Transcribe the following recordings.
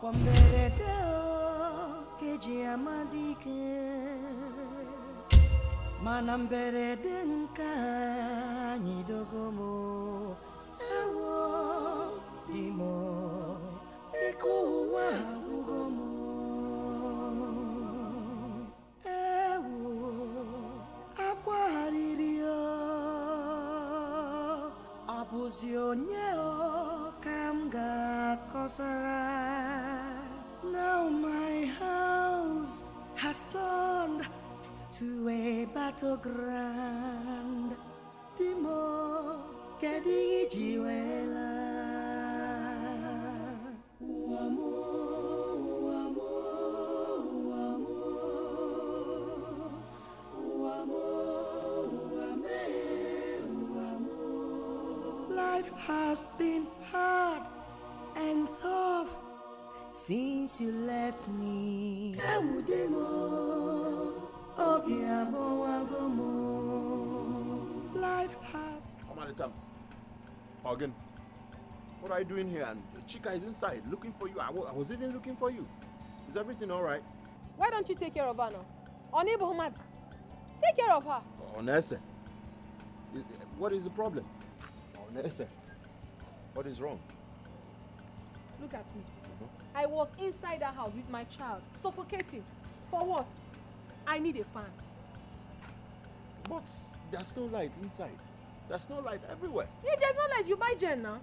ọkwa mberede keji amadike mana mberede nke anyị dogomo ewo dimo ike ụwa agwụgomo ewo akwagharịrị ọ bụzi onye ọ ka ga-akọsara turned to a battleground. Dimo Kedijiwela. since you left me. Ewudemo, obi amowagomo. Life has. Come on, Again. What are you doing here? And Chica is inside looking for you. I, I was even looking for you. Is everything all right? Why don't you take care of her now? Onibuhumad, take care of her. Onese, what is the problem? Onese, what is wrong? Look at me. I was inside that house with my child, suffocating. For what? I need a fan. But there's no light inside. There's no light everywhere. Yeah, there's no light. You buy Jen now.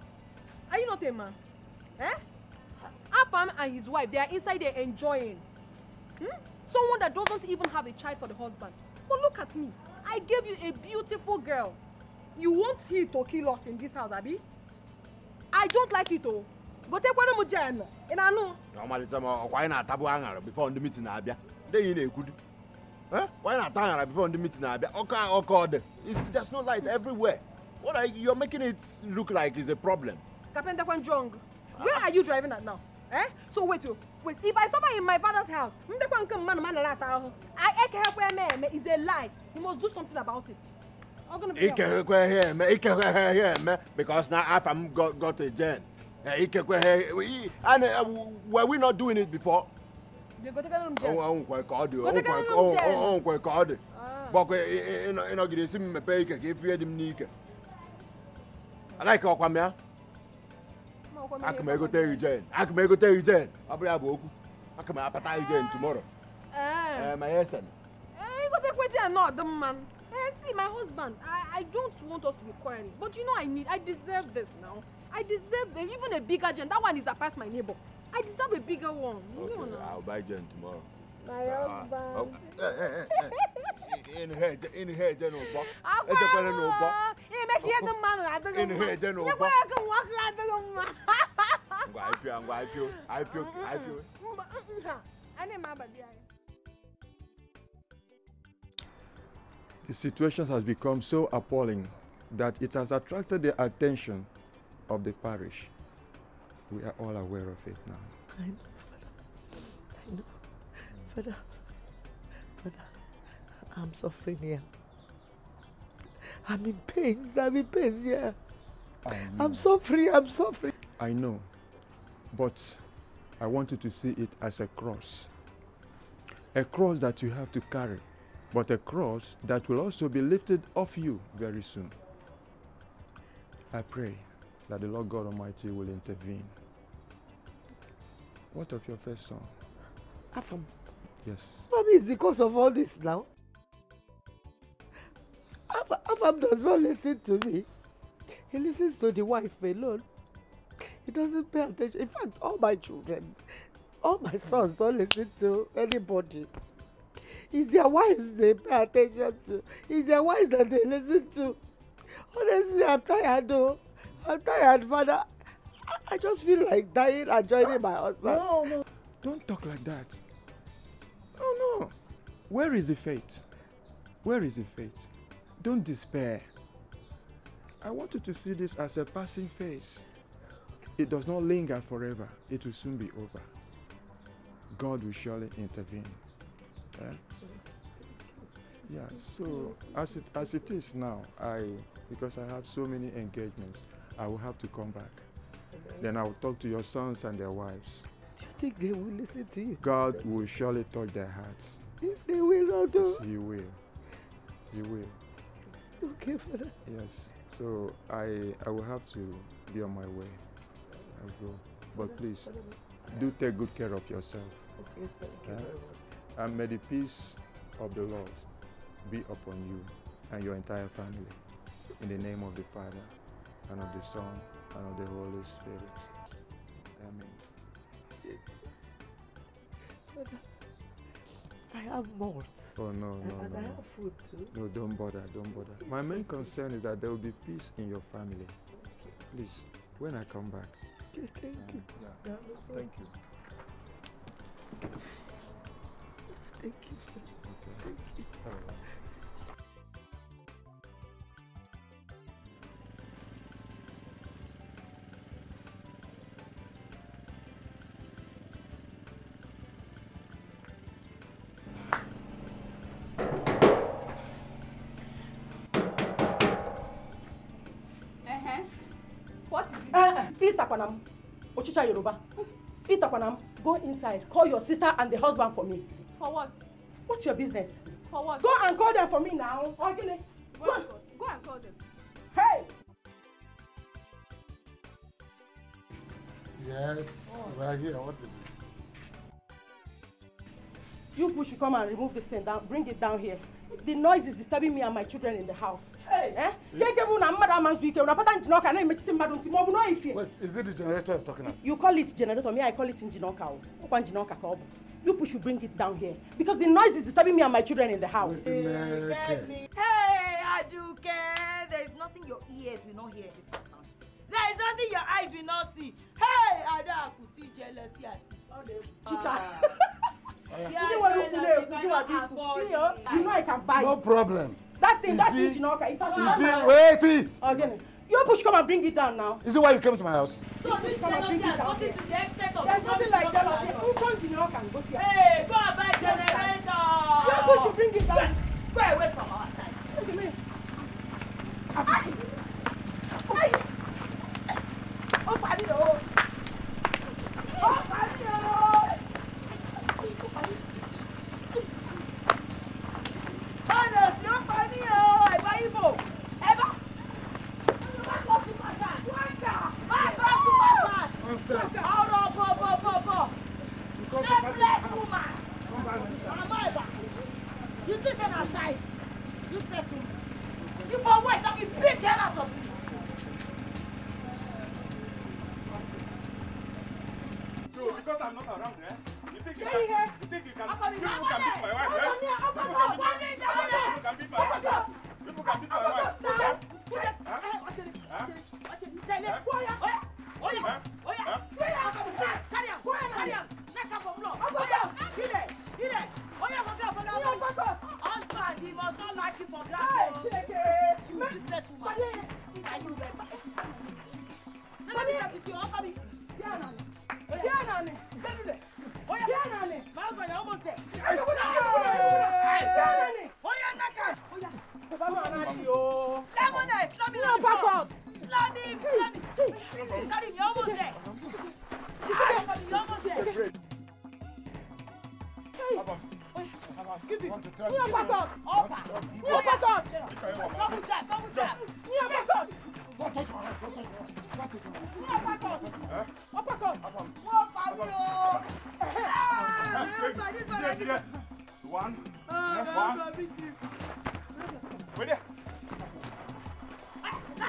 Are you not a man? Eh? Afam and his wife, they are inside there enjoying. Hmm? Someone that doesn't even have a child for the husband. But look at me. I gave you a beautiful girl. You want him to kill us in this house, Abby? I don't like it, oh bote kwanu mu jee no ina anu ọmalite ma ọkwa anyị na-atabu aṅara bifọ ndị mitin na-abịa ndị yi na-ekwudi why na ata aṅara bifọ ndị mitin na-abịa ọkọ ọkọ ọdị there's no light everywhere what are you you're making it look like is a problem kapenta kwanjong where are you driving at now eh so wait o oh, wait if i suffer in my father's house ndekwa nke mmanụ ma nara ata ahụ i ekehekwa eme eme is a lie you must do something about it ikehekwa ihe eme ikehekwa ihe eme because na afa m got a gen Eh, eh, And uh, eh, were we not doing it before? nkwe ka ọ dị bọkwa ịnọgide esi m mepee ike ka efie dị m n'ike anaghị ka ọkwa m ya aka m egote ijen aka m egote ijen ọ bụrụ ya bụ okwu aka m apata ijen ah. tomorrow ma ya esen igotekwedi a na ọdị mma See, my husband, I, I don't want us to be quarreling, but you know I need, I deserve this now. I deserve even a bigger gen. That one is a past my neighbor. I deserve a bigger one. okay, I'll buy gen tomorrow. My ah, husband. okay. Eh, eh, eh, in here, in here, then no bo. Ẹ jẹ́ pẹ̀lẹ́ make here the man I don't know. In here, then no bo. Ẹ kò wá kí I don't know. Ngwa IPO, ngwa IPO, IPO, IPO. Ẹni máa bàbí The situation has become so appalling that it has attracted the attention of the parish. We are all aware of it now. I know, Father. I know. Father, Father, I'm suffering here. I'm in pains. I'm in pains here. I'm suffering. I'm suffering. I know. But I want you to see it as a cross. A cross that you have to carry, but a cross that will also be lifted off you very soon. I pray that the Lord God Almighty will intervene. What of your first son? Afam. Yes. Mommy is the cause of all this now. Afam, Afam does not listen to me. He listens to the wife alone. He doesn't pay attention. In fact, all my children, all my sons don't listen to anybody. It's their wives they pay attention to. It's their wives that they listen to. Honestly, I'm tired though. I'm tired, Father. I, I just feel like dying and joining my husband. No, no. Don't talk like that. No, no. Where is the faith? Where is the faith? Don't despair. I want you to see this as a passing phase. It does not linger forever. It will soon be over. God will surely intervene. Yeah, yeah so as it, as it is now, I, because I have so many engagements, I will have to come back. Then I will talk to your sons and their wives. Do you think they will listen to you? God will surely touch their hearts. If they will not do. Yes, he will. He will. Okay, Father. Yes. So I I will have to be on my way. I will go. But please, do take good care of yourself. Okay, thank you. and may the peace of the Lord be upon you and your entire family. In the name of the Father, and of the Son, and of the Holy Spirit. Amen. I have more. Oh, no, no, and no. I have food too. No, don't bother, don't bother. My main concern is that there will be peace in your family. Please, when I come back. Okay, thank you. Yeah. Yeah, thank you. Thank you. Okay. Thank you. teacher Yoruba. Itapanam, hmm. go inside. Call your sister and the husband for me. For what? What's your business? For what? Go and call them for me now. Ogile. Oh, go, go, go and call them. Hey! Yes, oh. we're right here. What is it? You people should come and remove this thing down, bring it down here. The noise is disturbing me and my children in the house. Eh? jeje bụ na mmadụ ama nzu ike napata njin ọka na-emechisi mmadụ ntị ma ọ is it the generator you're talking about? you call it generator me i call it njin ọka oh. ọkwa njin ọka ka ọ you people should bring it down here because the noise is disturbing me and my children in the house hey aduke there is nothing your ears will not hear this there is nothing your eyes will not see hey adaku see jealousy ati chicha you know i can buy no problem That thing, is that thing, you know, okay. If I Again. Oh, you push come and bring it down now. Is it why you came to my house? So this jealousy has gotten to the extent of... There's nothing like jealousy. Who comes in your can go here?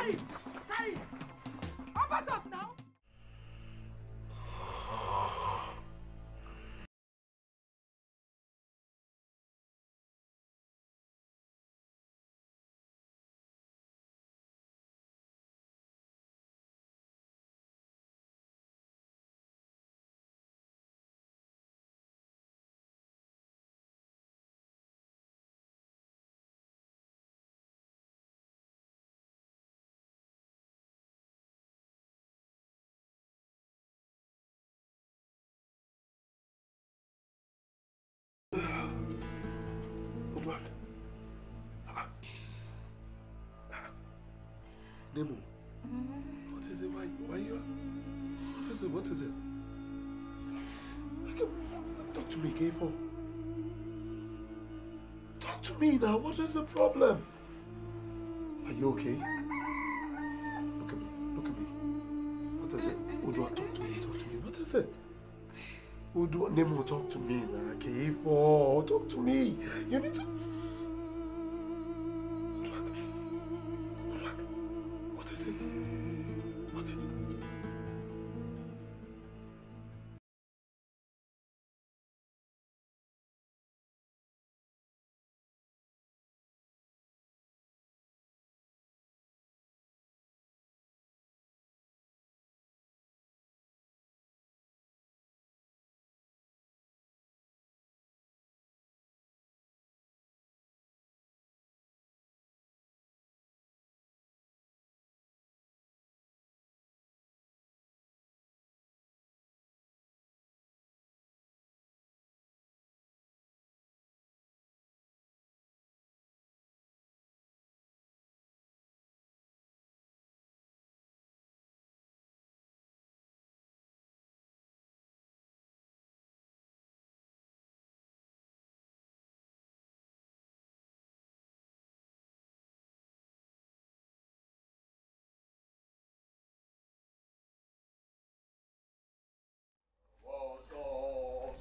Sai! Sai! Open up não! Nemo. Mm-hmm. What is it? Why, why are you... What is it? What is it? Talk to me, Gayfo. Talk to me now. What is the problem? Are you okay? Look at me. Look at me. What is it? Udo, talk to me. Talk to me. What is it? Udo, Nemo, talk to me now. Gayfo, talk to me. You need to...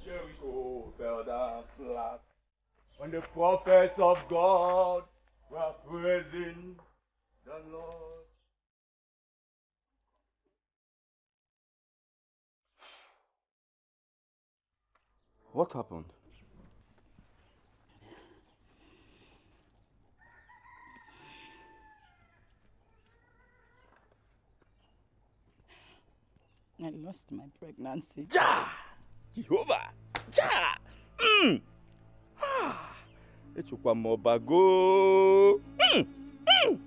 Jericho fell down flat. When the prophets of God were praising the Lord. What happened? I lost my pregnancy. Ja! Jehova ja mm. ah, echekwa m ọba goo mm. mm.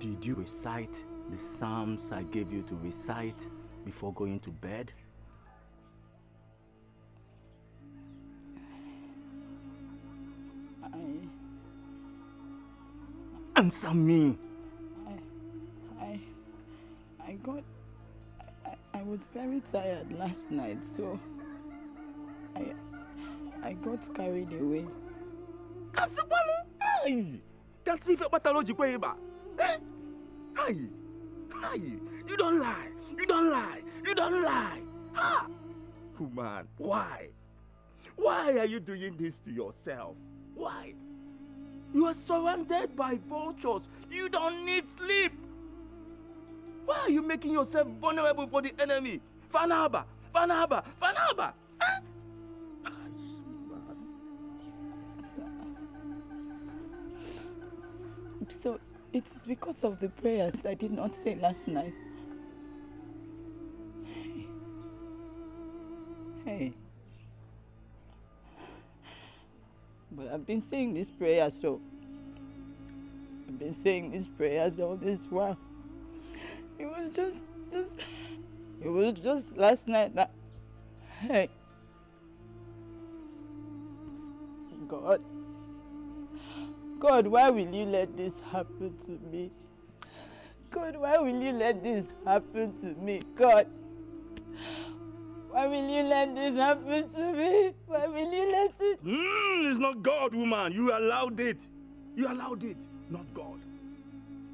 Did you recite the psalms I gave you to recite before going to bed? I... Answer me! I... I... I got... I, I was very tired last night, so... I... I got carried away. That's Kasipale! Hey! That's if you're a pathological. Eh? Hey! You don't lie! You don't lie! You don't lie! Ha! Human, oh, why? Why are you doing this to yourself? Why? You are surrounded by vultures. You don't need sleep. Why are you making yourself vulnerable for the enemy? Fanaba! Fanaba! Fanaba! Huh? I'm it is because of the prayers I did not say last night. Hey. But I've been saying this prayer, so. I've been saying these prayers all this while. It was just, just, it was just last night that, hey, God, God, why will you let this happen to me? God, why will you let this happen to me? God, why will you let this happen to me? Why will you let it? Mm, it's not God, woman. You allowed it. You allowed it, not God.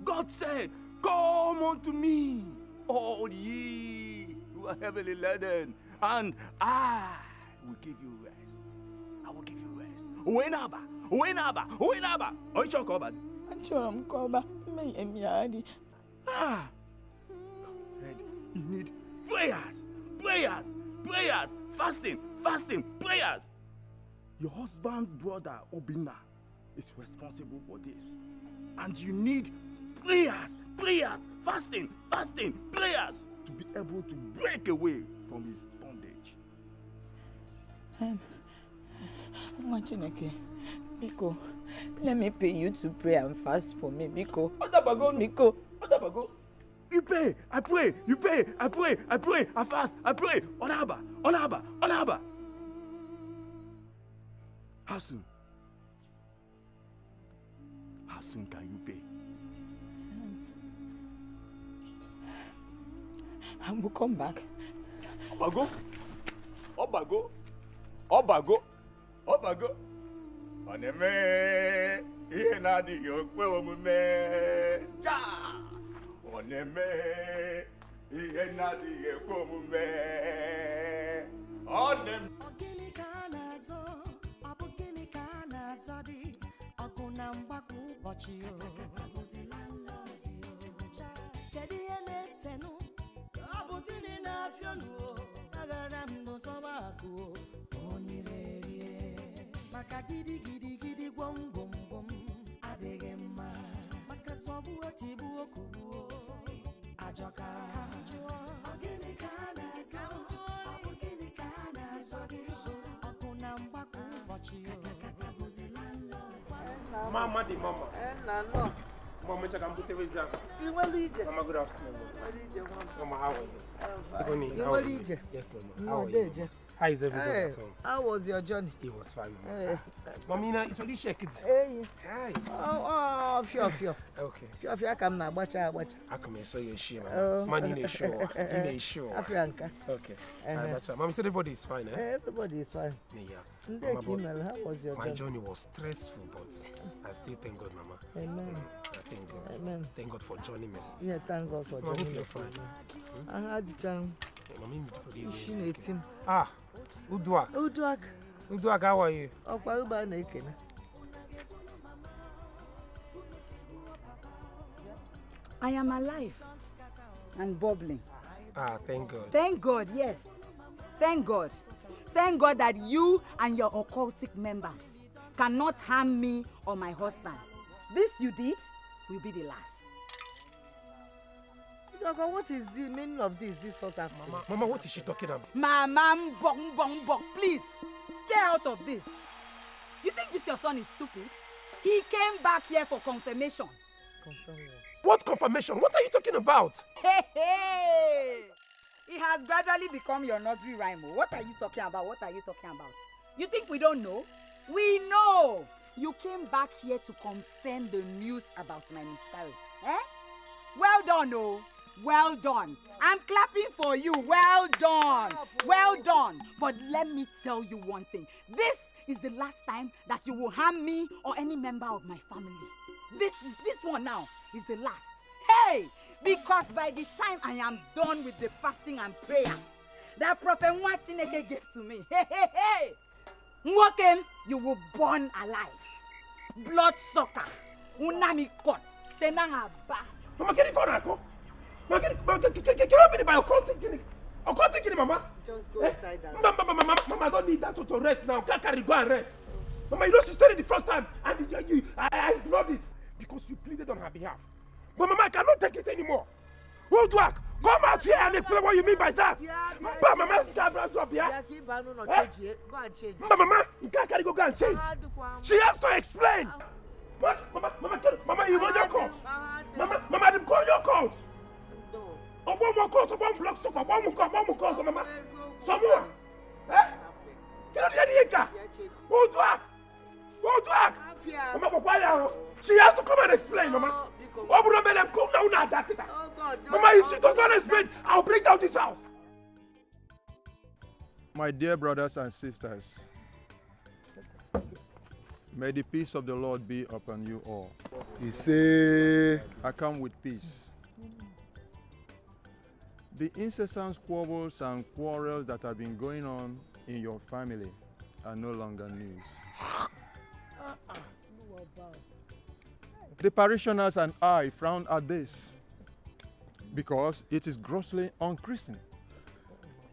God said, Come unto me, all ye who are heavily laden, and I will give you rest. I will give you rest. Whenever wenaba wenaba oitsɔ kɔba. atsɔrɔm kɔba mɛ yɛ miadi. ah God said you need prayers prayers prayers fasting fasting prayers. Your husband's brother Obina is responsible for this and you need prayers prayers fasting fasting prayers to be able to break away from his bondage. Um, watching Chineke. Biko, let me pay you to pray and fast for me, Biko. Otabago, Biko. Otabago. You pray, I pray, you pray, I pray, I pray, I fast, I pray. Onaba, Onaba, Onaba. How soon? How soon can you pay? I will come back. Obago, Obago, Obago, Obago. ọ na-eme ihe na-adịghị okwe omume ọ na-eme ihe na-adịghị ekwe omume ọ na-eme gịnị ka a na-azọ ọ bụ gịnị ka a na-azọ dị ọgụ na mgba kwa ụbọchị kedu ihe na-esenụ ọ bụ gịnị na-afịọnụ aghara m n'ụzọ akụ maka gidi gidi gidi gwom gwom adịghị mma maka sọbụ otigbu okugbuo ajọka gịnị ka a na-azọ ọ bụ gịnị ka a na-azọ gị nso ọkụ na mgbakọ ụbọchị mama dị mama mgbe ọmụcha ka m ma. ma How is everybody? hey, at home? How was your journey? It was fine. Hey. Mommy, now it's only shake it. Hey. Hi. Oh, oh, fio, fio. Okay. Fio, fio, come now, watch out, watch. I come here, so you're sure, man. Oh. Man, in a show. In a show. Afrianka. Okay. Uh -huh. Mommy said everybody is fine, eh? Everybody is fine. Yeah. Ndek Mama, how was your journey? My journey was stressful, but I still thank God, Mama. Amen. Mm, I thank God. Amen. Thank God for joining us. Yeah, thank God for joining us. I hope you're fine. Hmm? I had the chance. 18. Ah, Uduak. Uduak. Uduak, how are you? Okwa uba na I am alive and bubbling. Ah, thank God. Thank God, yes. Thank God. Thank God that you and your occultic members cannot harm me or my husband. This you did will be the last. Gogo, what is the meaning of this, this sort of Mama, Mama, what is she talking about? Mama, bong bong bong. please, stay out of this. You think this your son is stupid? He came back here for confirmation. Confirmation? What confirmation? What are you talking about? Hey, hey! It has gradually become your nursery rhyme. What are you talking about? What are you talking about? You think we don't know? We know! You came back here to confirm the news about my miscarriage. Eh? Well done, oh! Well done. I'm clapping for you. Well done. Well done. But let me tell you one thing. This is the last time that you will harm me or any member of my family. This is this one now is the last. Hey! Because by the time I am done with the fasting and prayer, that prophet Nwachineke gave to me. Hey, hey, hey! Nwokem, you will burn alive. Blood sucker. Unami kot. Senang aba. Mama, get it for Cannot be by occulting clinic. Occulting clinic, Mama. Just go eh, inside that. Mama, mama, mama, mama, I don't need that to, to rest now. Can't carry, go and rest. Mama, you know she said it the first time, and you, I, ignored it because you pleaded on her behalf. But Mama, I cannot take it anymore. Road work, come out here and explain what you mean by that. But Mama, you can't brand up here. Eh? Go and change. Mama, you can't carry, go, go and change. She has to explain. Ah. Mama, Mama, Mama, Mama, you want your coat? Mama, Mama, call your coat ọbọ ọmọ kọọsọ ọbọ ọmọ blọọkì sọpọ ọbọ ọmọ kọ ọbọ ọmọ kọọsọ mama sọmọ ẹ kí ló dé ní ìka ojú ak ojú ak ọmọ pọpọ ayé ahọ she has to come and explain mama ọ bụrụ mere m kom na unu ada kịta mama if she does not explain i will break down this house. My dear brothers and sisters, may the peace of the Lord be upon you all. He say, I come with peace. the incessant squabbles and quarrels that have been going on in your family are no longer news. The parishioners and I frown at this because it is grossly unchristian.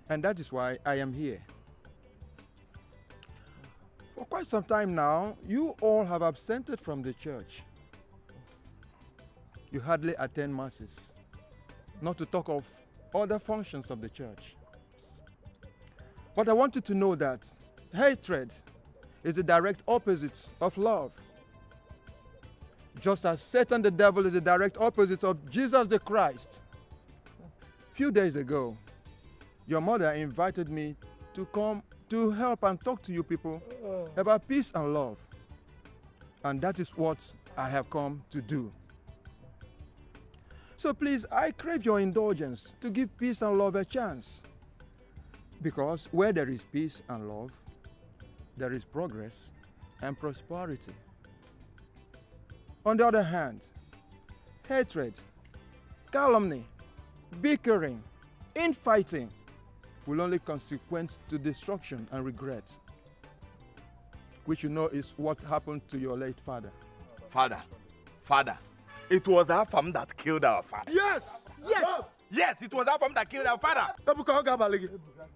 And that is why I am here. For quite some time now, you all have absented from the church. You hardly attend masses, not to talk of other functions of the church. But I want you to know that hatred is the direct opposite of love. Just as Satan the devil is the direct opposite of Jesus the Christ. A few days ago, your mother invited me to come to help and talk to you people about peace and love. And that is what I have come to do. So please, I crave your indulgence to give peace and love a chance. Because where there is peace and love, there is progress and prosperity. On the other hand, hatred, calumny, bickering, infighting will only consequence to destruction and regret, which you know is what happened to your late father. Father, father, It was our farm that killed our father. Yes! Yes! Yes, it was our farm that killed our father. Ebuka, Oga Baligi.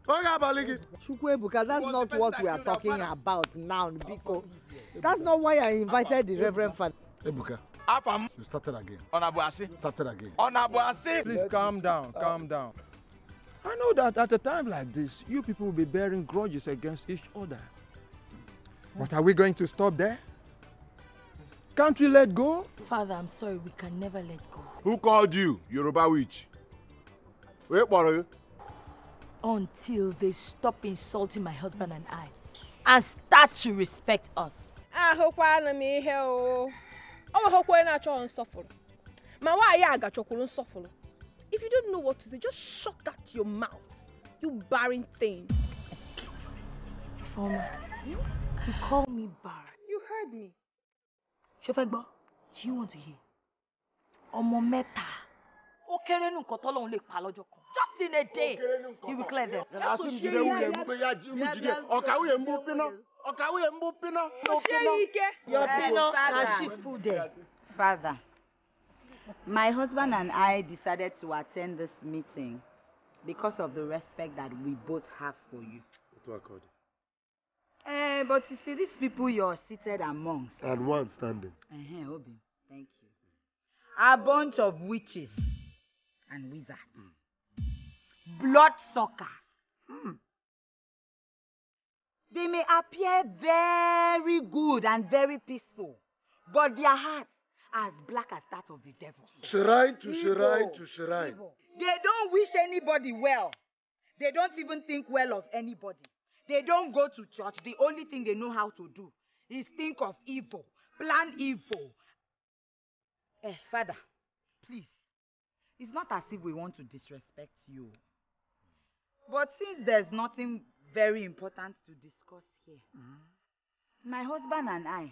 Oga Baligi. Chukwu Ebuka, that's not what we are talking about now, Biko. That's not why I invited the Reverend Father. Ebuka. Afam. You started again. Onabuasi. Started again. Onabuasi. Please calm down, calm down. I know that at a time like this, you people will be bearing grudges against each other. But are we going to stop there? Can't we let go? Father, I'm sorry, we can never let go. Who called you, Yoruba witch? Wait, what are you? Until they stop insulting my husband and I and start to respect us. I hope I'm nweghịkwa onye na-achọghị My wife nwaanyị a gachokwuru nsọfụrụ if you don't know what to say just shut that your mouth you barren thing Ifeoma, you call me barren. You heard me. ṣó fẹ́ gbọ́ do you want to hear ọmọ mẹ́ta ó kéré nù nǹkan tọ́lọ́run lè pa lọ́jọ́ kan just in a day he will clear them. yàrá sí mi jìde wúyẹ mú pé yá jí mi jìde ọ̀kà wúyẹ mú bínú ọ̀kà wúyẹ mú bínú. kò ṣe ike. your pinna na shit full there. father my husband and I decided to attend this meeting because of the respect that we both have for you. Uh, but you see, these people you're seated amongst. And one standing. Uh-huh, Obi, thank you. A bunch of witches and wizards. Mm. suckers. Mm. They may appear very good and very peaceful, but their hearts are as black as that of the devil. Shrine to Evil. shrine to shrine. Evil. They don't wish anybody well. They don't even think well of anybody. They don't go to church. The only thing they know how to do is think of evil, plan evil. Eh, Father, please, it's not as if we want to disrespect you. But since there's nothing very important to discuss here, mm-hmm. my husband and I,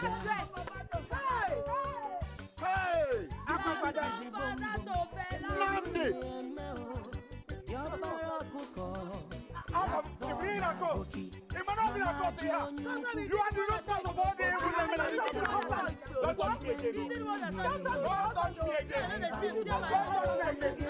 dress. akọ́gbàdà ìdìbò lọ́ndì. Out of the miracle, Emmanuel miracle to you. You are the root cause of all the evil and miracle. Don't touch me again. Don't touch me again. Don't touch me again.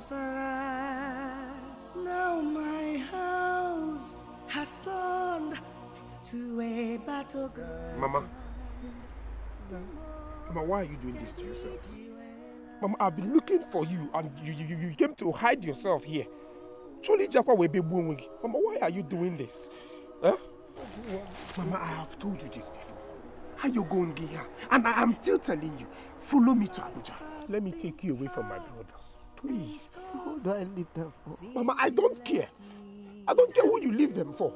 Sarai. Now my house has turned to a battleground. Mama. Mama, why are you doing this to yourself? Mama, I've been looking for you and you, you, you came to hide yourself here. Surely Japa will be booming. Mama, why are you doing this? Huh? Mama, I have told you this before. How you going here? And I am still telling you, follow me to Abuja. Let me take you away from my brothers. Please, who do I leave them for? Mama, I don't care. I don't care who you leave them for.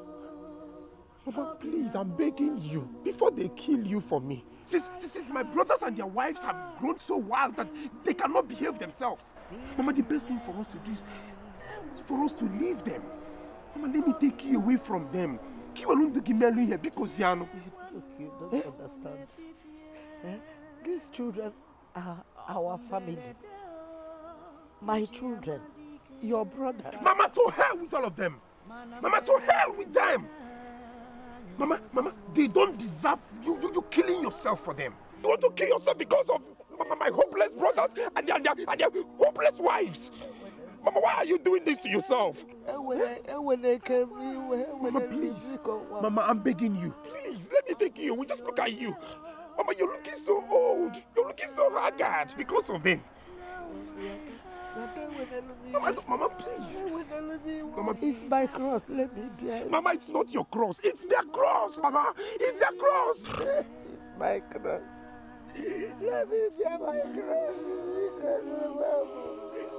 Mama, please, I'm begging you, before they kill you for me. Since, since my brothers and their wives have grown so wild that they cannot behave themselves. Mama, the best thing for us to do is for us to leave them. Mama, let me take you away from them. Kiwa lundo gimelu here because yano. Look, you don't eh? understand. Eh? These children are our family. My children, your brother. Mama, to hell with all of them! Mama, to hell with them! Mama, Mama, they don't deserve you, you, you killing yourself for them. You want to kill yourself because of Mama, my hopeless brothers and their, and their, and their hopeless wives. Mama, why are you doing this to yourself? Mama, please. Mama, I'm begging you. Please, let me take you. We just look at you. Mama, you're looking so old. You're looking so haggard because of them. Mama, Mama, please. Mama, it's my cross. Let me bear it. Mama, it's not your cross. It's their cross, Mama. It's their cross. it's my cross. Let me bear my cross.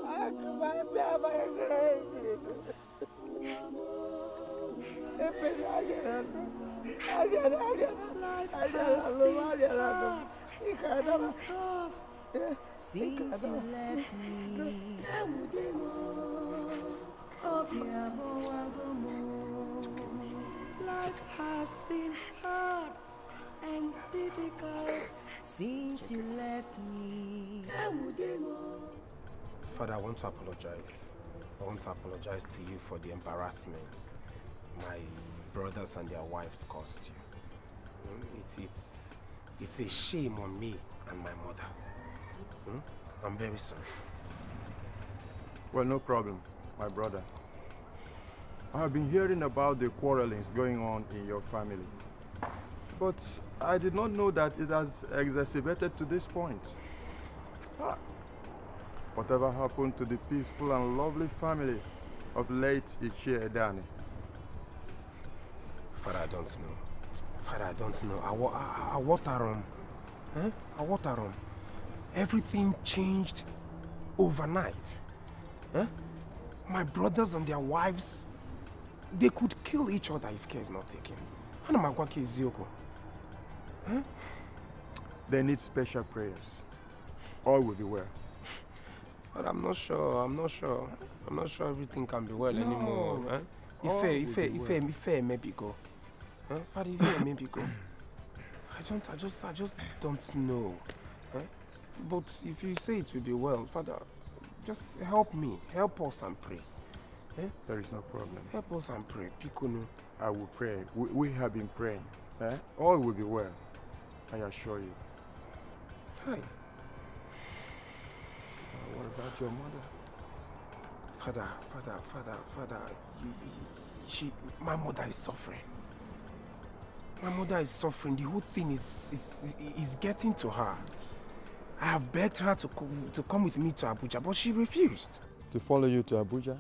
I can bear my cross. I can't. I can't. I can't. I can't. I can't. I can't. Since you left me, I would Life has been hard and difficult since you left me. Father, I want to apologize. I want to apologize to you for the embarrassment my brothers and their wives caused you. It's, it's, it's a shame on me and my mother. Hmm? I'm very sorry. Well, no problem, my brother. I have been hearing about the quarrelings going on in your family. But I did not know that it has exacerbated to this point. Ah. Whatever happened to the peaceful and lovely family of late Ichie Edani? Father, I don't know. Father, I don't know. I, I, I water room. Huh? I water room. Everything changed overnight. Huh? My brothers and their wives, they could kill each other if care is not taken. Hanamagwaki is Yoko. Huh? They need special prayers. All will be well. But I'm not sure, I'm not sure. I'm not sure everything can be well no. anymore. Huh? Ife, Ife, Ife, well. Ife, maybe go. Huh? But Ife, maybe go. I don't, I just, I just don't know. Huh? But if you say it will be well, Father, just help me. Help us and pray. Eh? There is no problem. Help us and pray, Pikunu. I will pray. We, we have been praying. Eh? All will be well. I assure you. Hi. Uh, what about your mother? Father, father, father, father. You, she, my mother is suffering. My mother is suffering. The whole thing is, is, is getting to her. I have begged her to, co to come with me to Abuja, but she refused. To follow you to Abuja?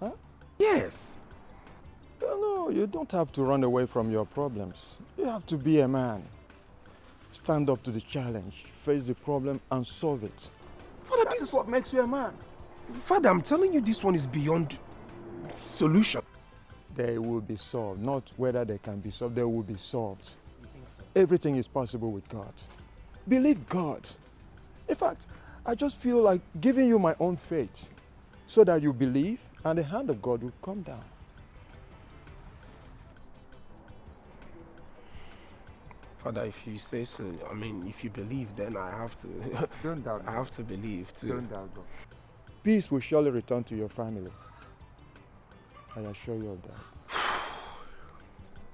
Huh? Yes. No, no, you don't have to run away from your problems. You have to be a man. Stand up to the challenge, face the problem and solve it. Father, this is what makes you a man. Father, I'm telling you this one is beyond solution. They will be solved. Not whether they can be solved, they will be solved. You think so? Everything is possible with God. Believe God. In fact, I just feel like giving you my own faith so that you believe and the hand of God will come down. Father, if you say so, I mean, if you believe, then I have to. Don't doubt. I have to believe too. Don't doubt God. Peace will surely return to your family. I assure you of that.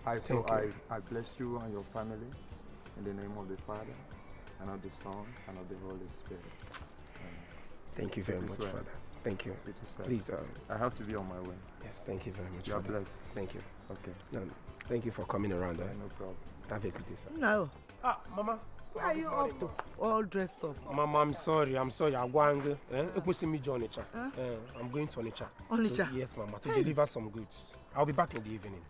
I so I, I bless you and your family in the name of the Father, and of the Son, and of the Holy Spirit. Amen. Um, thank you very much, well. Father. Thank you. Well. Please, um, I have to be on my way. Yes, thank you very much. You are blessed. Thank you. Okay. No, thank you for coming around. eh? No problem. Have a good day, sir. No. Ah, Mama. Where are you off to? All dressed up. Mama, I'm sorry. I'm sorry. I'm going. Eh? Uh, me to Uh, I'm going to onicha. Onicha. So, yes, Mama. To hey. deliver some goods. I'll be back in the evening.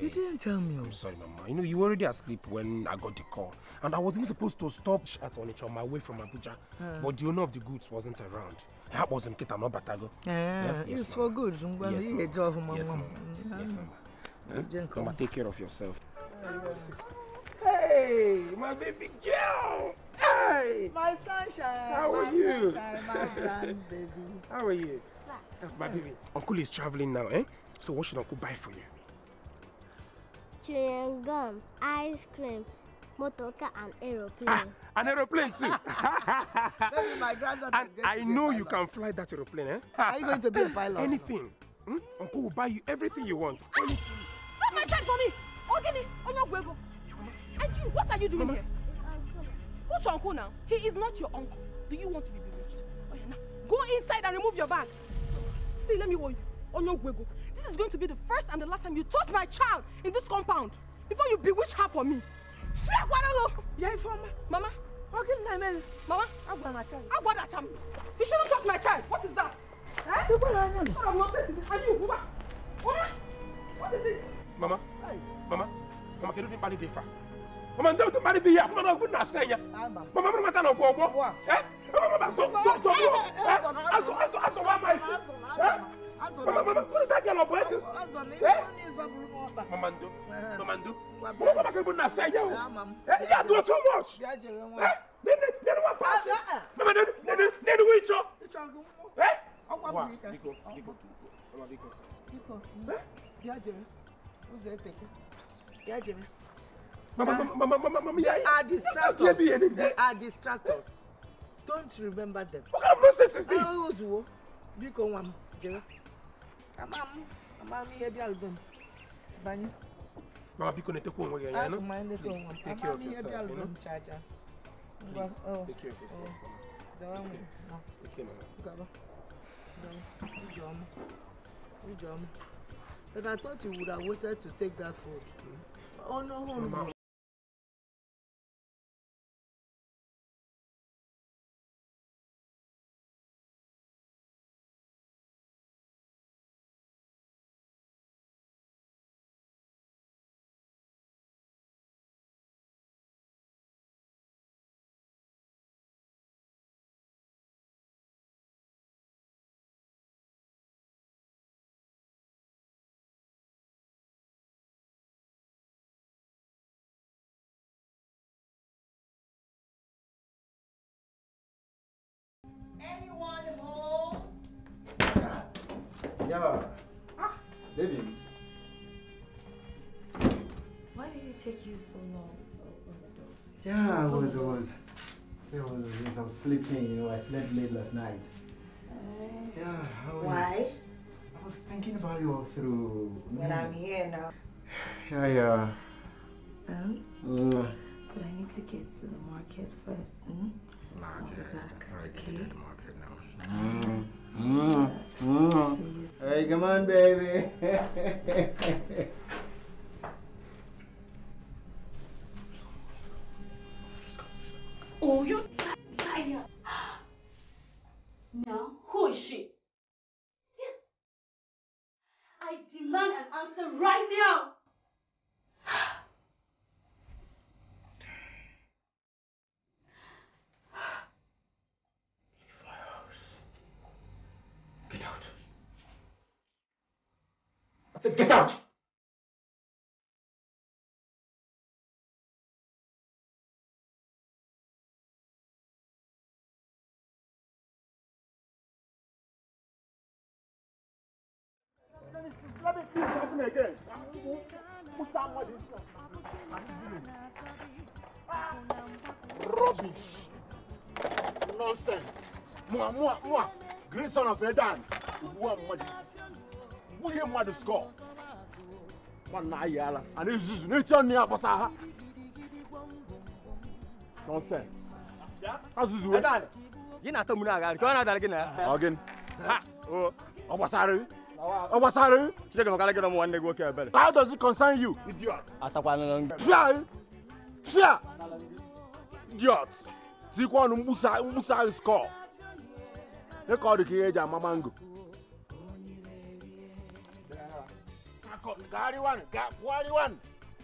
You didn't tell me. Oh. I'm sorry, Mama. You know, you were already asleep when I got the call. And I wasn't supposed to stop at Onitsha on my way from Abuja. Uh. But the owner of the goods wasn't around. That wasn't Mkita, not Batago. Uh, yeah, yes, it's for good. Yes, Mama. Yes, Mama. Yes, Mama. Yes, Mama. Huh? Mama, come. take care of yourself. Hey, my baby girl! Hey! My sunshine! How are my you? Sunshine, my grand baby. How are you? My baby. Uncle is traveling now, eh? So what should Uncle buy for you? chewing gum, ice cream, motor car, and aeroplane. Ah, an aeroplane too. Maybe my granddaughter and I know you can fly that aeroplane, eh? Are you going to be a pilot? Anything. Hmm? Uncle will buy you everything you want. Anything. Drop my child for me. Ogini, Onyogwego. And you, what are you doing Mama. here? your uncle now? He is not your uncle. Do you want to be bewitched? Oh yeah, now go inside and remove your bag. See, let me warn you. Onyogwego, this is going to be the first and the last time you touch my child in this compound before you bewitch her for me. Fear Guadalo! Yeah, Mama. Mama. Okay, Mama. I've got my child. I've got that child. You shouldn't touch my child. What is that? Eh? What of nonsense Are you, Mama? Mama? What is it? Mama. Hey. Mama. Mama, can you do anything for Mama, don't do marry me here. Mama, I'm going to say it. Mama, don't I'm going to go. What? Eh? Mama, so, so, so, so. Eh? Aso, aso, aso, why am I? Eh? they are distractors. Don't remember them. What kind of nonsense is this? Biko, Wam, Jere. Mama mama mi ebi alugbe ah, mi. Banye. Mama biko neteke onwe gị anya nụ. Mama neteke onwe. Mama a ebi alugbe m chaja. Please oh, take care of yourself. Gawa nwe. Take care mama. Gawa. Gawa. Ijeọma. Ijeọma. But I thought you would have waited to take that food. Mm -hmm. Oh no, home. Mama. Anyone home? Yeah. Ah. Baby. Why did it take you so long to open the door? Yeah, I was, I oh. was, I was, I was, sleeping, you know, I slept late last night. Uh, yeah, Why? I was thinking about you all through. When yeah. I'm here now. Yeah, yeah. Um, uh, but I need to get to the market first. Hmm? Hey, come on, baby. oh, you liar. now, who is she? Yes. I demand an answer right now. I said, get out. Let me see happen again. Rubbish. Nonsense. Mwah, mwah, mwah. Great son of Edan. One more nwunye mmadụ skọọ nwanna anyị ala a na-ezuzu n'ịchọ nne ya gbasa ha nonsense ha zuzuwe gị na-atọ mmiri agharị ọ na-adara gị na ya ọ gbasara ọ gbasara chineke makara gị na ụmụ nwanne gị nwoke ebere how does it concern you idiot atakwana na fia fia idiot tikwa ọnụ mkpusa mkpusa skọọ dịka ọ dị ka ihe eji ama mango gaari wan ga kwari wan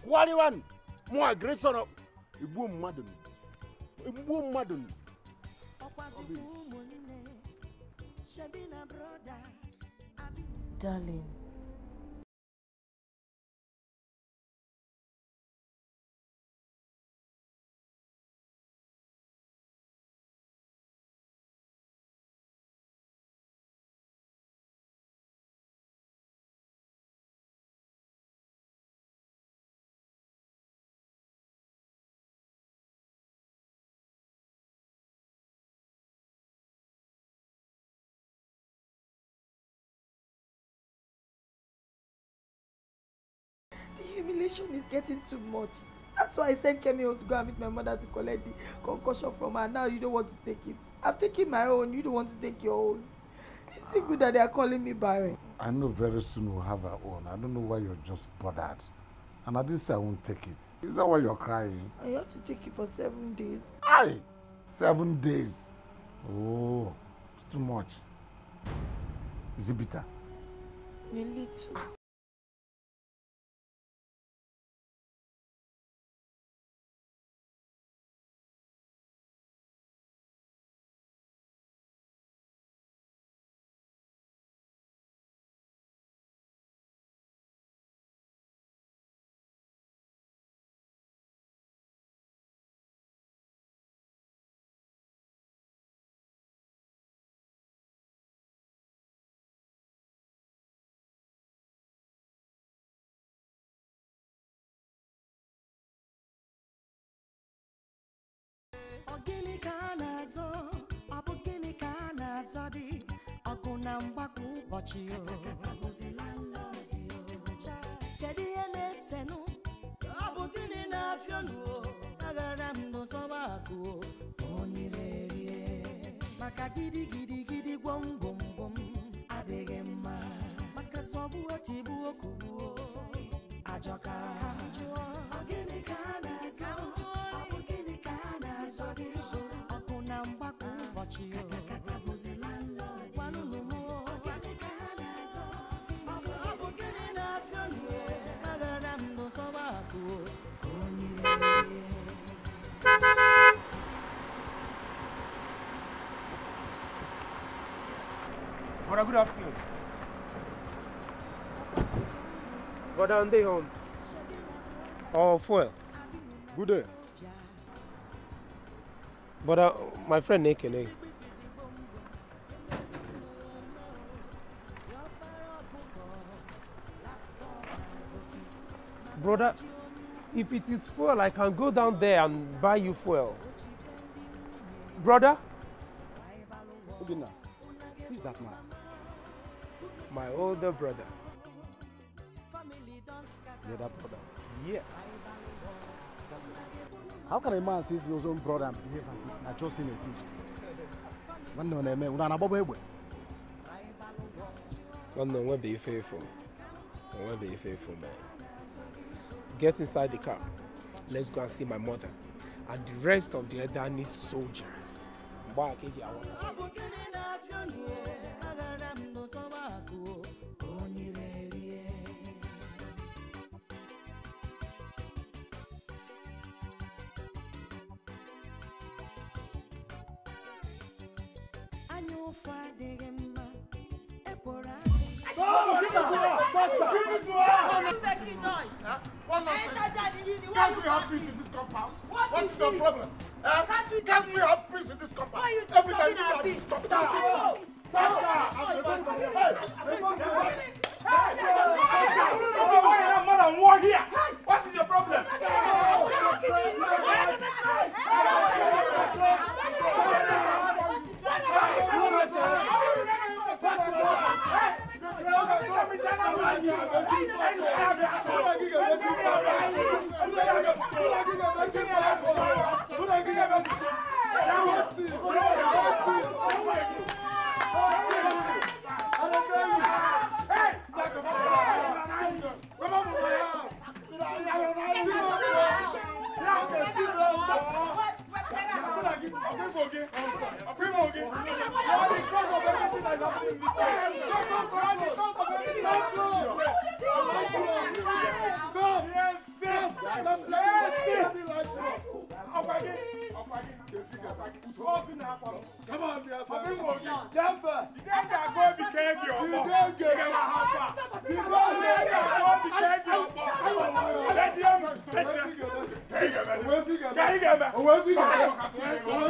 kwari wan mu agresi ọ̀nà egbuo mmadụ nụ egbuo mmadụ nụ. Darling. humiliation is getting too much. That's why I sent Kemi home to go and meet my mother to collect the concussion from her. Now you don't want to take it. I've taken my own. You don't want to take your own. Is it good that they are calling me barren? I know very soon we'll have our own. I don't know why you're just bothered. And I didn't say I won't take it. Is that why you're crying? I have to take it for seven days. Aye! Seven days. Oh, too much. Is it bitter? A little. ọ gịnị ka a na-azọ ọ bụ gịnị ka a na-azọ dị ọkụ na mgbakọ ụbọchị o kedu ihe na-esenụ ọ bụ gịnị na o m n'ụzọba akụ rie maka gidi gidi mma maka ajọka good afternoon. What are they home? Oh, fuel. Good day. Uh, my friend Nakene. Brother, if it is fuel, I can go down there and buy you fuel. Brother? Obina, who's that man? my older brother. The other brother? Yeah. How can a man see his own brother and behave and trust him a beast? Nwanne na eme ụra na-agbagba egbe. Nwanne nwebe be faithful. Nwebe be faithful, man. Get inside the car. Let's go and see my mother and the rest of the Edanese soldiers. Mgbe aka eji awa. Open her for me. Come on, dear father. Denver. The day that God became your mom. The day God became your mom. The day that God became your mom. Let him. Let him. Can you get me? Can you get me? Can you get me?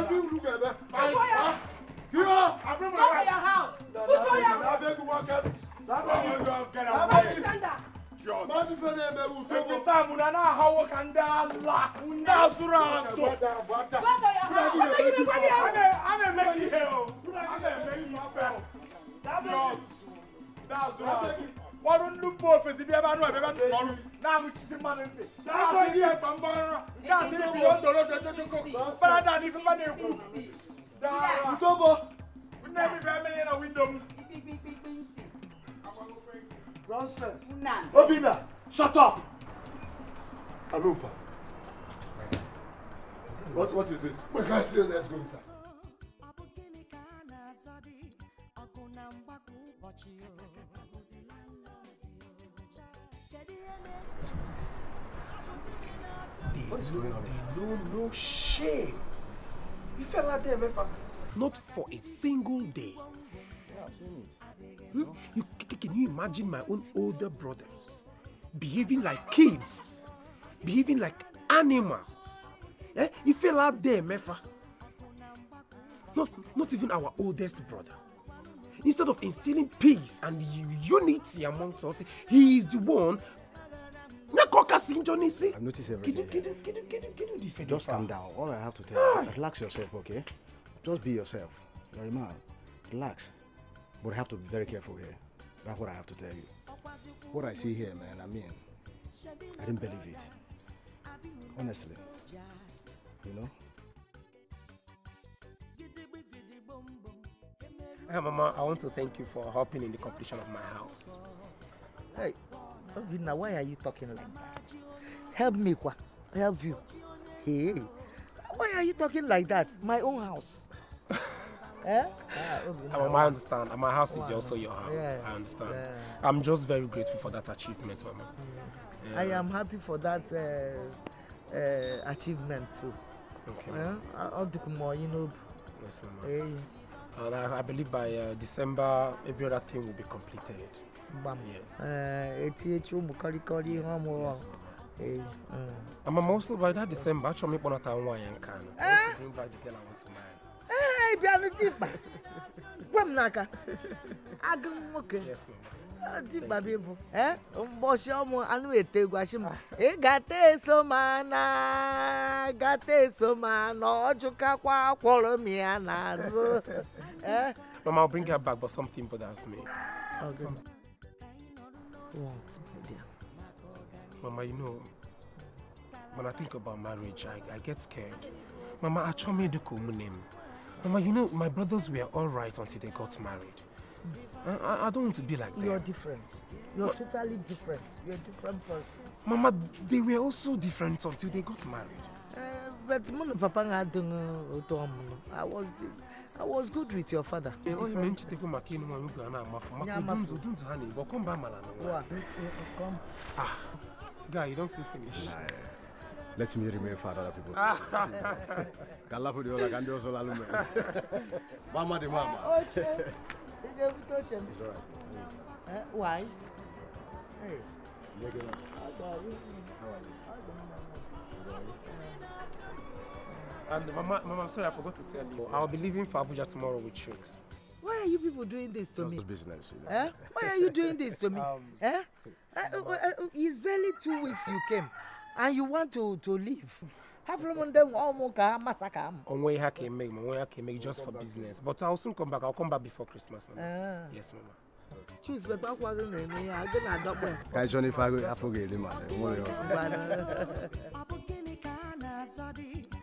They know no shame. Ìfẹ́ ńlá dé mẹ́fà. Not for a single day. hmm? you, can you imagine my own older brothers behaving like kids, behaving like animals? Eh? fell out there, Mefa. Not, not even our oldest brother. Instead of instilling peace and unity amongst us, he is the one I notice everything. Kidu, kidu, kidu, kidu, kidu, Just calm down. All I have to tell you, relax yourself, okay? Just be yourself. You're a man. Relax. But I have to be very careful here. That's what I have to tell you. What I see here, man, I mean, I didn't believe it. Honestly. You know? Hey, Mama, I want to thank you for helping in the completion of my house. Vina, why are you talking like that? Help me, Kwa. Help you. Hey, why are you talking like that? My own house. Eh? Yeah, um, I understand. my house is also your house. Yes, I understand. Yeah. I'm just very grateful for that achievement, Mama. Mm. Yeah. I am happy for that uh, uh, achievement too. Okay. I'll eh? do more, you know. Yes, Mama. Hey. And I, I believe by uh, December, every other thing will be completed. gbam eh, eti echi ụmụ kọrịkọrị ihe ọmụrụ ama m ọsọ by that December achọrọ m ịkpọnata nwa ya nke anọ ee bịanụ dịkpa gwe m n'aka agụ m nwoke dịkpa ah, bụ ịbụ eh, mbọchị ọmụ anụ ete egwu achị m ị ah. eh, gata eso ma na gata eso ma na ọjụkakwa kwọrọ m ya n'azụ Mama, I'll bring her back, but something bothers me. Okay. Something. What, my dear? Mama, you know, when I think about marriage, I, I get scared. Mama, I me to Achome name. Mama, you know, my brothers were all right until they got married. Mm. I, I don't want to be like that. You're them. different. You're Ma totally different. You're a different person. Mama, they were also different until they got married. Uh, but Mono Papa, I don't eh, I was. The, I was good with your father. Eh, Onye m nchetekwa maka ịnụ nwa nwugwu a na-amafu maka ndụ ndụ ndụ ha na-egbu ọkọ mba na nwa. Ah, guy, you don't speak English. Eh. Let me remain father of people. Ka lapụ dị ụlọ ka ndị ọzọ lalụ mere. Mama dị mama. Ah, oche, ị ga-ebute oche m. Eh, why? Hey. Ah, How are you? And Mama, Mama, I'm sorry, I forgot to tell you. I'll be leaving for Abuja tomorrow with shoes. Why are you people doing this to Just me? business. You know? eh? Why are you doing this to me? um, eh? uh, it's barely two weeks you came, and you want to to leave. On way I can make, on way I can make just for business. But I'll soon come back. I'll come back before Christmas, mama. Ah. Yes, mama. Choose better back, than me. I'm gonna adopt one. Can you if I go? I forget him, man.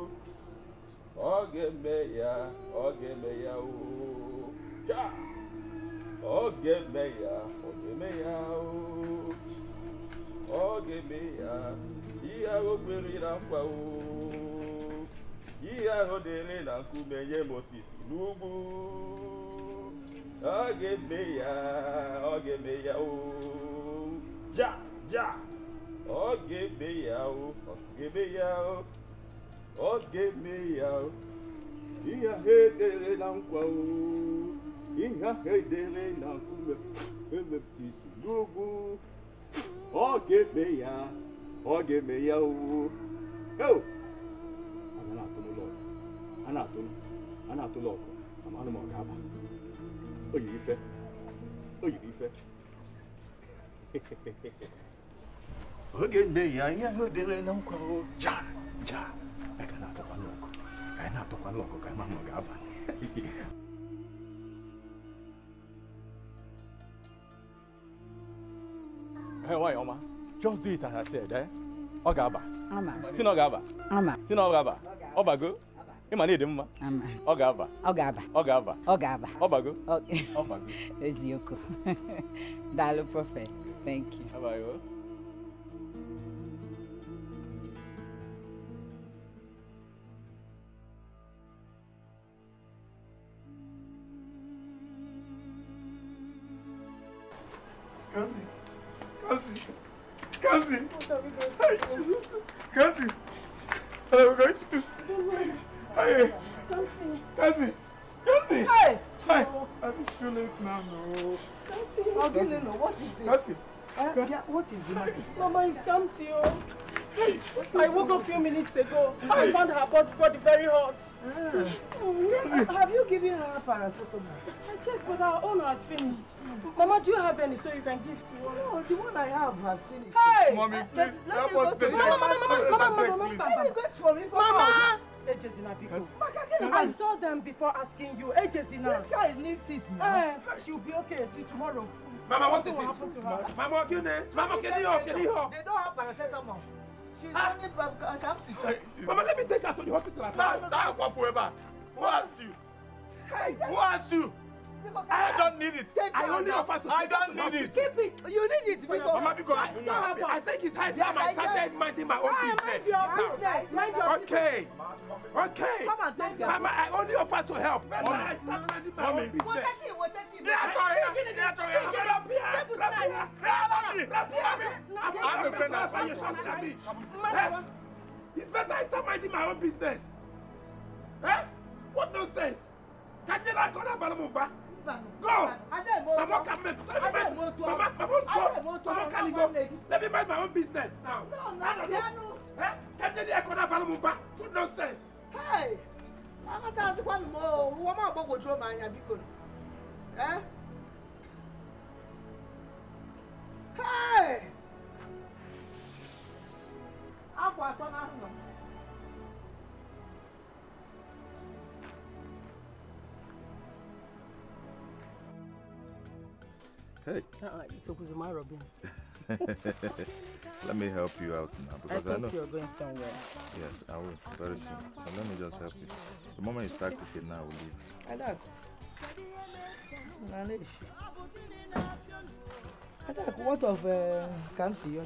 ga-eme ya ọ ga-eme ya oo ọ ga-eme ya ọ ga-eme ya ọ ga-eme ya ihe ahụ kwere na nkwa ihe ahụ dịrị na nkume nye m osisi n'ugwu ọ ga-eme ya ọ ga-eme ya ooo ja ja ọ ga-eme ya ọ ga-eme ya ọ ga-eme ya Ia hedere na nkwa o Ia hedere na nkume Emeptisi n'ugwu Ọ ga ya Ọ ga-eme ya o Eo Ana na-atụ n'ụlọ A na-atụ A na-atụ n'ọkụ Amanụ ya Ia hedere na nkwa o Ja Ja anyị na-atọkwana ọkụkọ ama ma ọ ga-aba Hey, why, Oma? Just do it as I said, Ọ ga-aba. ga aba ọ ga-aba. ga aba ọ ga-aba. Ọ bago. Ị ma na ịdị mma. Ọ ga-aba. Ọ ga-aba. Ọ ga-aba. Ọ ga-aba. Ọ aba Ọ bago. Eziokwu. Daalụ prọfet. Thank you. Kelsey. Kelsey. Kelsey. Hi, Jesus. Kelsey. What are we going to do? Hi. Kelsey. Kelsey. Hi. Hi. It's too late now. No. Kelsey. How What is it? Kelsey. Uh, yeah, what is it? Mama, he scams you. Oh. I woke up a few minutes ago. I found her body very hot. Ah. Have you given her paracetamol? I checked, but our own has finished. Mama, do you have any so you can give to us? No, the one I have has finished. Hey! Mommy, please, help us to mama, Mama, mama, mama, mama, mama, mama, mama, mama, ages in Abiko. I saw them before asking you. Ages in Abiko. This child needs it now. Eh, she'll be okay till tomorrow. Mama, what is it? Mama, Mama, Mama, Mama, Mama, Mama, Mama, Mama, Mama, Mama, Mama, Mama, Mama, Mama, Mama, Mama, How Mama, let me take her to the hospital. Now, now, forever. Who asked you? Who asked you? I don't need it. I only offer to I don't need it. Keep it. You need it because Mama Biko, I, no, I think it's high time I started minding my own ah, business. Mind your business. Mind your okay. Okay. Come and take Mama, I only offer to help. Mama, I start minding my own business. We'll take it. We'll take it. Yeah, sorry. Yeah, sorry. Get up here. Get up here. Get up here. I'm a friend. Why you shouting at me? It's better I start minding my own business. Eh? What nonsense? Kajira kona balamu ba. Go! Mama can make. Let me mind. Mama, Mama, go. Mama can go. Let me mind my own business now. No, no, I don't know. Eh? Can you hear Kona Balumba? Good nonsense. Hey, I'm not asking one more. Who am I about to draw my abiko? Eh? Hey! Aku atọ n'ahụ nọ. Hey. Uh, who's my Robbins. let me help you out now because I, I know you're going somewhere. Yes, I will very soon. So let me just help you. The moment you start cooking now, we'll leave. Adak. Nalish. Adak, what of uh, Kamsi, your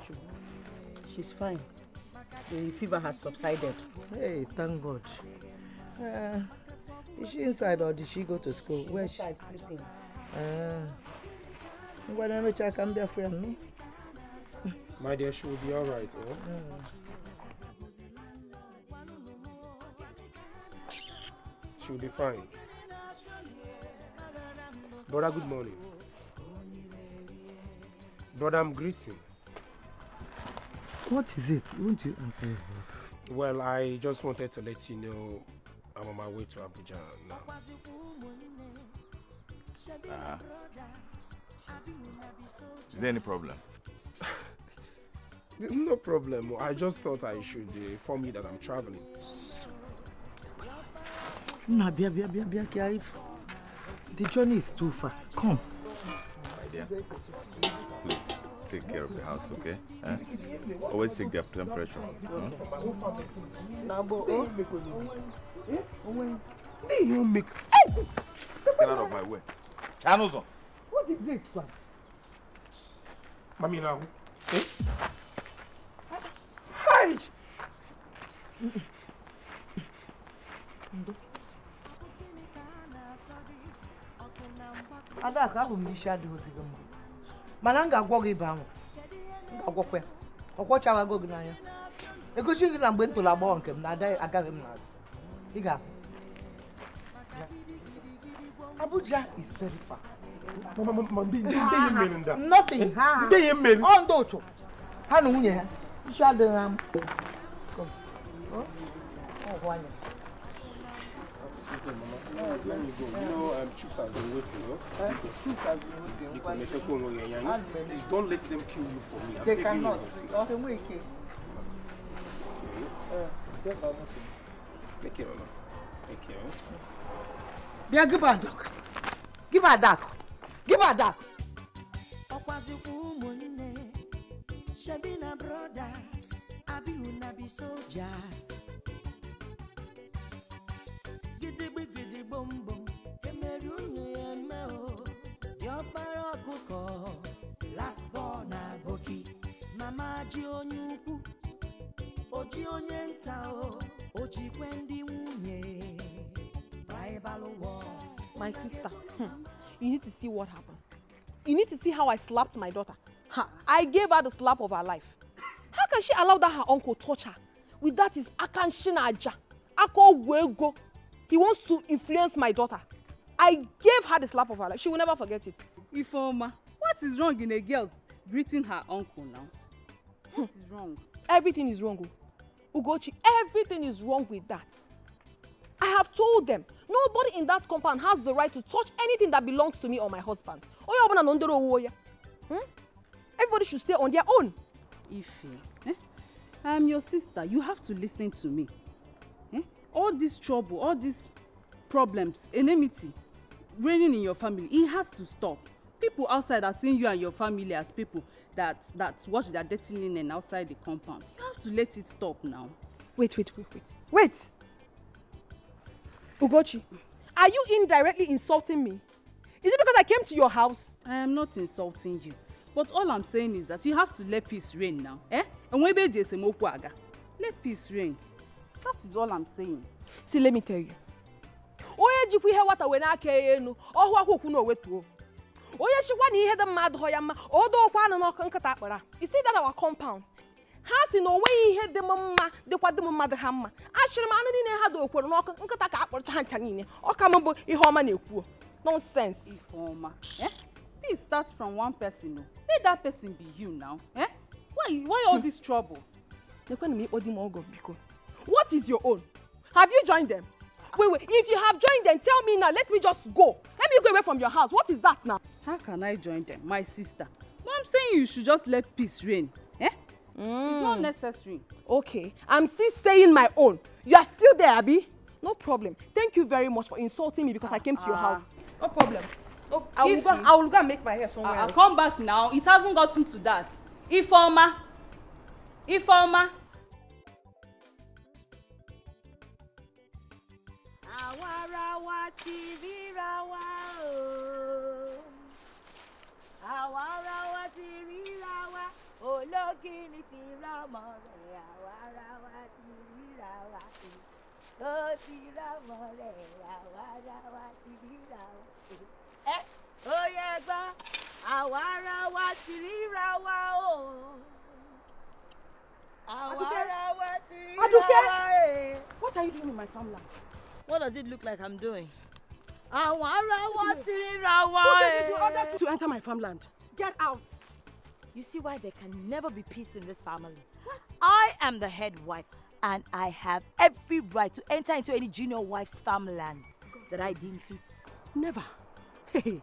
She's fine. The fever has subsided. Hey, thank God. Uh, is she inside or did she go to school? She's Where inside she? sleeping. Uh, what am I check be a friend, My dear, she will be alright, oh? She'll be fine. Brother, good morning. Brother, I'm greeting. What is it? Won't you answer Well, I just wanted to let you know I'm on my way to Abuja now. Ah. Is there any problem? no problem. I just thought I should uh, inform you that I'm traveling. Nah, No, Bia, Bia, Bia, Bia, Kiaif. The journey is too far. Come. My dear, please take care of the house, okay? Eh? Always take their temperature. Hmm? Do you make? Get out of my way. Channels on. What is it, man? Mamila o. Hai! Adaka ahụrụ m isi adịghịziri mma mana m ga-agwọ gị ịba ahụ m ga-agwọkwa ya ọ kwọchawago gị n'anya egosi gị na mgbe m tụrụ agbọghọ nke m na ada agaghị m n'azụ ị ga-ahụ Abuja is very far nothing ha ọ ndị ụchụ ha na nwunye ha isi adịghị ha Let me go. don't let them kill you for me give her that. ọkwazikwa ụmụnne shebi na brothers abihu na bi soldiers gidigbi gidigbo emeri unu eme o dị ọkpara ọkụkọ last born na boki mama ji onye ukwu oji onye nta o ojikwe ndị nwunye tribal war my sister hmm you need to see what happened. You need to see how I slapped my daughter. Ha, I gave her the slap of her life. How can she allow that her uncle touch her? With that is Akanshina Aja. Ako Wego. He wants to influence my daughter. I gave her the slap of her life. She will never forget it. Ifeoma, what is wrong in a girl's greeting her uncle now? What hmm. is wrong? Everything is wrong. Oh. Ugochi, everything is wrong with that. I have told them, nobody in that compound has the right to touch anything that belongs to me or my husband. Oh, hmm? Everybody should stay on their own. Ife, eh? I'm your sister. You have to listen to me. Eh? All this trouble, all these problems, enmity, reigning in your family, it has to stop. People outside are seeing you and your family as people that that wash their dirty linen outside the compound. You have to let it stop now. Wait, wait, wait, wait. Wait! Ugochi, are you indirectly insulting me? Is it because I came to your house? I am not insulting you. But all I'm saying is that you have to let peace reign now. Eh? And we be jesemokwu aga. Let peace reign. That is all I'm saying. See, let me tell you. Onye jikwa ihe nwata wee na-aka ya enu, ọ hụ akwụkwụ na owetuo. Onye chịkwa na ihe dị mmadụ hụ ya mma, o dokwa anụ n'ọkụ akpara. You see that our compound? ha si na onweghị ihe dị m mma dịkwa dị m mmadụ ha mma achịrị m anụ niile ha dị okwere n'ọkụ nkịta ka akpọrọcha ha ncha niile ọka m bụ ihe ọma na-ekwuo nonsense Ifeoma eh please start from one person o let that person be you now eh why why all this trouble ekwena m ikpo di m ọgọ biko what is your own have you joined them wait wait if you have joined them tell me now let me just go let me go away from your house what is that now how can i join them my sister Mom saying you should just let peace reign Mm. It's not necessary. Okay. I'm still saying my own. You are still there, Abby. No problem. Thank you very much for insulting me because uh, I came to uh, your ah, house. Ah. No problem. Oh, I, will go, I will go and make my hair somewhere uh, else. Come back now. It hasn't gotten to that. Ifeoma. Ifeoma. Àwa ara wa ti ríra olókìní ti rọmọ rẹ̀ àwáráwá ti ríra wa sí ó ti rọmọ rẹ̀ àwáráwá ti ríra wa sí. ẹ ó yẹ gbọ́ àwáráwá ti ríra wa o. àwáráwá ti What are you doing in my farmland? What does it look like I'm doing? àwáráwá ti ríra wa Who told you to order to enter my farmland? Get out. You see why there can never be peace in this family. What? I am the head wife and I have every right to enter into any junior wife's farmland that I deem fit. Never. Hey,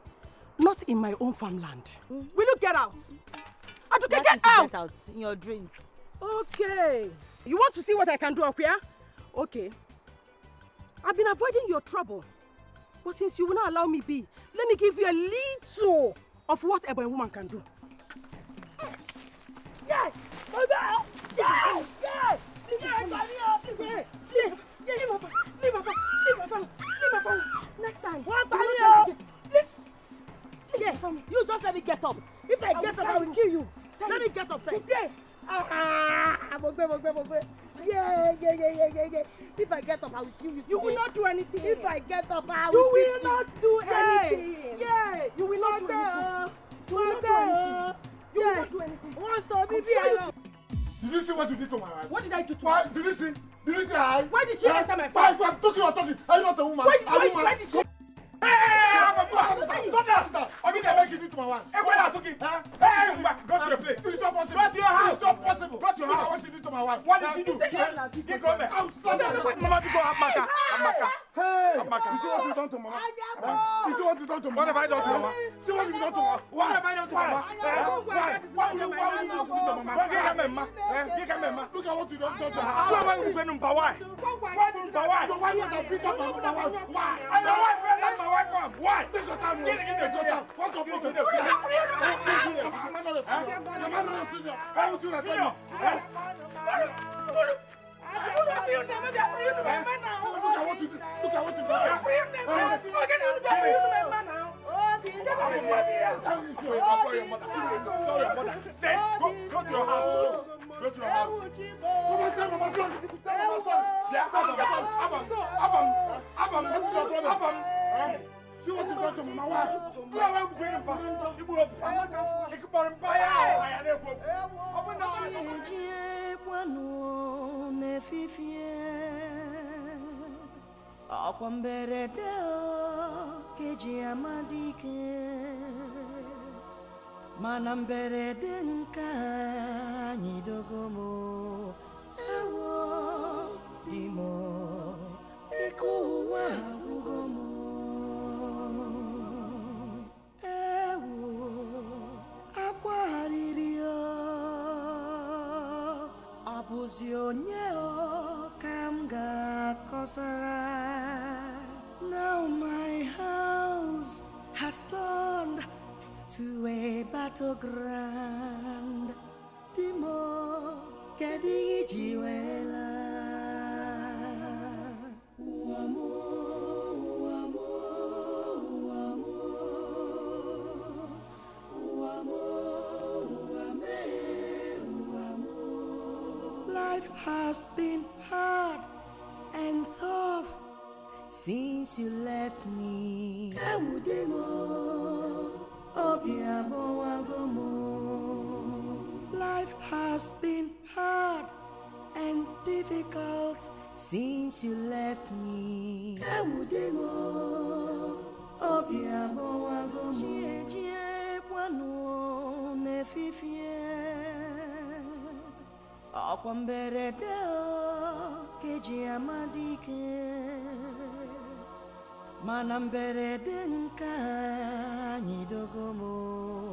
not in my own farmland. Mm. Will you get out? I do get, out. Get out in your dreams. Okay. You want to see what I can do up here? Okay. I've been avoiding your trouble. But since you will not allow me be, let me give you a little of what a woman can do. You just let me get up. If I, get up, I will kill you. let me get up first. Today. Ah, mo gbé, mo gbé, mo gbé. Yeah, yeah, yeah, yeah, yeah, yeah. If I get up, I will kill you. You will not do anything. If I get up, I will. You will not do anything. Yeah, you will not do You will not do You yes. will not do anything. Wọ́n sọ mí Did you see what you did to my wife? What did I do to her? Did you see? Did you see her? Why did she eh? enter my phone? Why, why, talking or talking? I'm not a woman? Why, why, why did she? What did she do? He go back. Mama, you go Amaka. Amaka. Hey. Amaka. You see what you done to Mama? Amaka. You see what you done to Mama? What have I done to Mama? See what you done to Mama? What have I done to Mama? Why? Why would you? Why would you do this to Mama? Why get Mama? Get Mama. Look at what you done to her. Why why you go number why? Why number why? Why you have picked up Mama? Why? Why? Why? wife am. Why? Take What? time. Get in the gutter. What's your problem? What is that for you? Am I not your senior? Am I not your senior? Why would you respect me? Look at what you do. Look at what you do. Look at what you do. Look at what you do. Look at what you do. Stay, go, go to your house ewu ti bọ̀. Mama tẹ́ mama sọ̀n, tẹ́ mama sọ̀n, yẹ abam abam abam abam wọ́n ti sọ pé abam. Si wọ́n ti tọ́ tó mama wá, kúrò àwọn ẹ̀kú bẹ́ẹ̀ nípa, ibú lọ bùkún, ìkúpọ̀rọ̀ nípa yá ẹ̀ àyà náà kú. Ọmọ náà wà ọkwa mberede keji amadi manambereden kanyi dogomo ewo dimo ikuwa ugomo ewo akwariri o ọbụzi onye o kamga kosara now my house has turned to a battleground demo, dimo kadijiwela wamo wamo wamo wamo wame wamo life has been hard and tough since you left me I would demo Life has been hard and difficult since you left me. ọkwa mberede o keji amadike mana mberede nke anyị dogo m